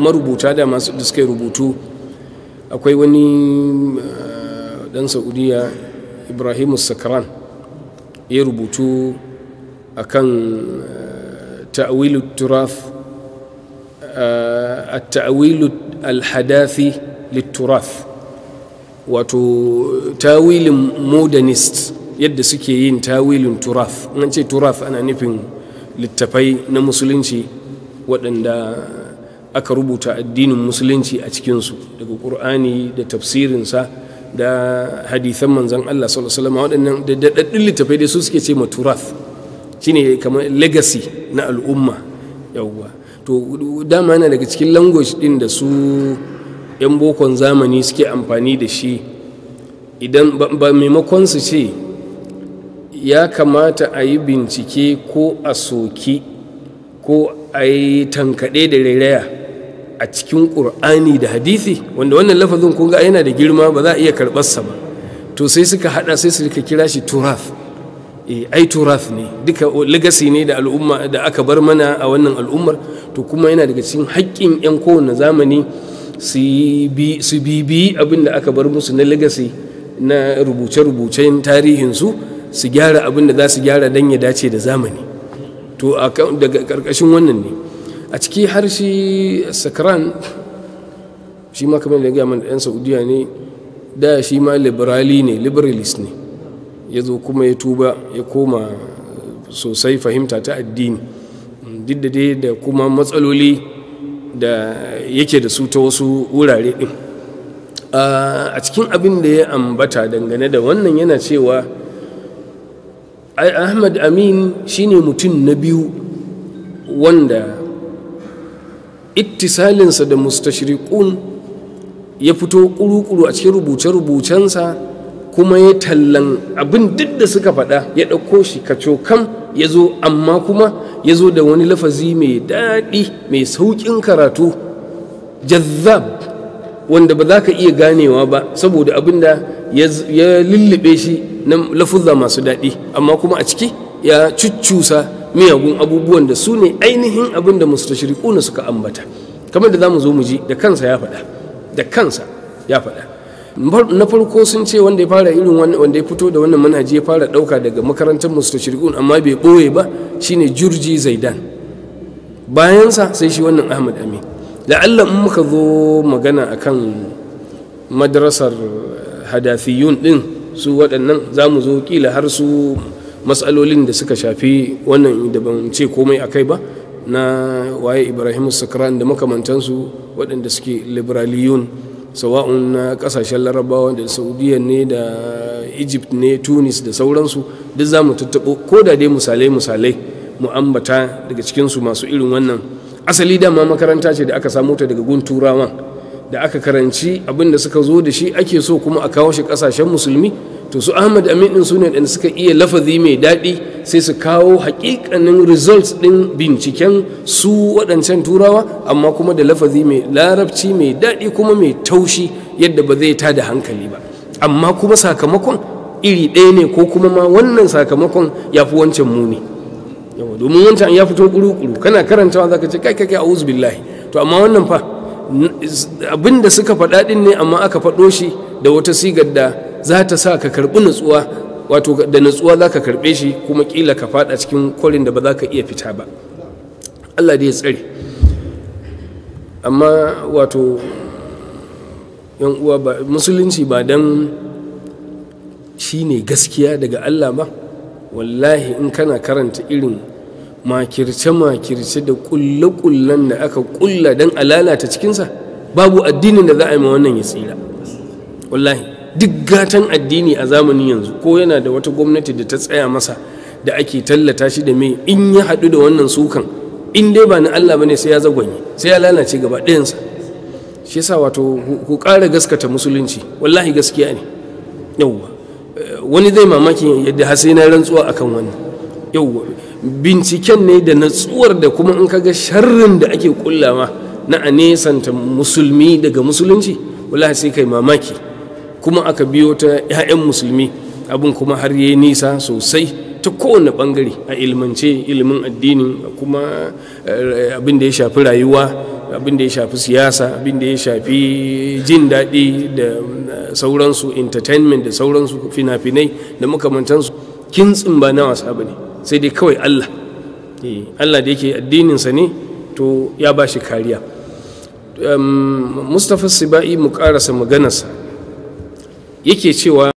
marubuta da masu da suka rubutu akwai wani dan eh, saudiya ibrahimu sakran ya rubutu a kan a eh, ta'awilu eh, alhadafi litturaf wato tawilin modernist yadda suke yin tawilin turaf an ce turaf ana nufin littafai na musulunci waɗanda aka rubuta addinin musulunci a cikinsu daga ƙur'ani da tafsirinsa da hadithan manzan Allah sallallahu waɗannan da daɗaɗɗun littafai dai su suke ce ma maturath shine kamar legacy na al'umma yawwa to dama yana daga cikin language ɗin da su 'yan bokon zamani suke amfani da shi idan ba maimakon su ce ya kamata a yi bincike ko a soki ko a yi tankaɗe da rairaya a cikin ƙur'ani da hadithi. wanda wannan lafazin kunga ga yana da girma ba za a iya karɓarsa ba to sai suka haɗa sai suka kira shi turaf eh, ai turaf ne duka legacy ne da al'umma da aka bar mana a wannan al'ummar to kuma yana daga cikin haƙƙin 'yan kowane zamani su bibi abin da aka bar musu na legacy na rubuce-rubucen tarihinsu su gyara abin da za su gyara dan ya dace da zamani to daga ƙarƙashin wannan ne a ciki har shi sakran shi ma kamar da gaya mana ɗan saudiya ne da shi ma liberali ne liberalist ne ya zo kuma ya tuba ya koma sosai fahimta ta addini duk da dai da kuma matsaloli da yake da su ta wasu wurare din a cikin abin da ya ambata dangane da wannan yana cewa ahmad amin shine mutum na biyu wanda ittisalinsa da mustashriqun ya fito kuru-kuru a cikin rubuce-rubucensa kuma ya tallan abin duk da suka faɗa ya ɗauko shi ka kacokan ya zo amma kuma ya zo da wani lafazi mai daɗi mai sauƙin karatu jazzab wanda ba za ka iya ganewa ba saboda abin da ya lullube shi na lafuzza masu daɗi amma kuma a ciki ya cuccusa miyagun abubuwan da su ne ainihin abin da mustashriquna suka ambata kamar da zamu zo mu ji da kansa ya faɗa da kansa ya faɗa na farko sun ce wanda ya fara irin wanda ya fito da wannan manhaji ya fara ɗauka daga makarantar mustashriqun amma bai ɓoye ba shine jurji zaidan bayansa sai shi wannan ahmad amin la'alla in muka zo magana akan madrasar hadafiyun din su waɗannan za mu zo kila har su matsalolin da suka shafi wannan da ban ce komai a kai ba na waye ibrahim sakran da makamantansu waɗanda suke liberaliyun sawa'un na ƙasashen larabawa da saudiya ne da egypt ne tunis da sauransu duk za mu tattaɓo ko da dai misalai-misalai mu ambata daga cikinsu masu irin wannan asali dama makaranta ce da aka samo ta daga turawan da aka karanci abin da suka zo da shi ake so kuma a kawo shi ƙasashen musulmi to su ahmad amin din sune da suka iya lafazi mai daɗi sai su kawo hakikanin results din binciken su waɗancan turawa amma kuma da lafazi mai larabci mai daɗi kuma mai taushi yadda ba zai tada hankali ba amma kuma sakamakon iri ɗaya ne ko kuma ma wannan sakamakon ya fi wancan muni yawa domin wancan ya fito kuru-kuru kana karantawa ka ce kai kai a'udhu billahi to amma wannan fa abinda suka faɗa ɗin ne amma aka faɗo shi da wata sigar da za ta sa ka karɓi nutsuwa wato da nutsuwa za ka karɓe shi kuma ƙila ka faɗa cikin kwarin da ba za ka iya fita ba allah da ya tsare amma wato yan uwa ba musulunci ba don shi ne gaskiya daga allah ba wallahi in kana karanta irin makirce-makirce da kulle-kullen da aka kulla don alalata cikinsa babu addinin da za a yi ma wannan ya tsira wallahi duk gatan addini a zamani yanzu ko yana da wata gwamnati da ta tsaya masa da ake tallata shi da mai in ya haɗu da wannan sukan in dai ba na Allah bane sai ya zagwanye sai ya lalace gaba ɗayansa shi yasa wato ku ƙara gaskata musulunci wallahi gaskiya ne yawwa eh, wani zai mamaki yadda hasi na rantsuwa akan wannan yawwa binciken ne da natsuwar da kuma in kaga sharrin da ake kullawa na a nesanta musulmi daga musulunci wallahi sai kai mamaki kuma aka biyo ta 'ya'yan musulmi abin kuma har yi nisa sosai ta kowane bangare a ilmance ilimin addini kuma eh, abin da ya shafi rayuwa abin da ya shafi siyasa abin da ya shafi jin daɗi da eh, sauransu entertainment da sauransu fina-finai da makamantansu kintsin ba na wasa ba ne sai dai kawai allah eh, allah da yake addininsa ne to ya ba shi kariya mustapha sibai mu karasa maganarsa yake cewa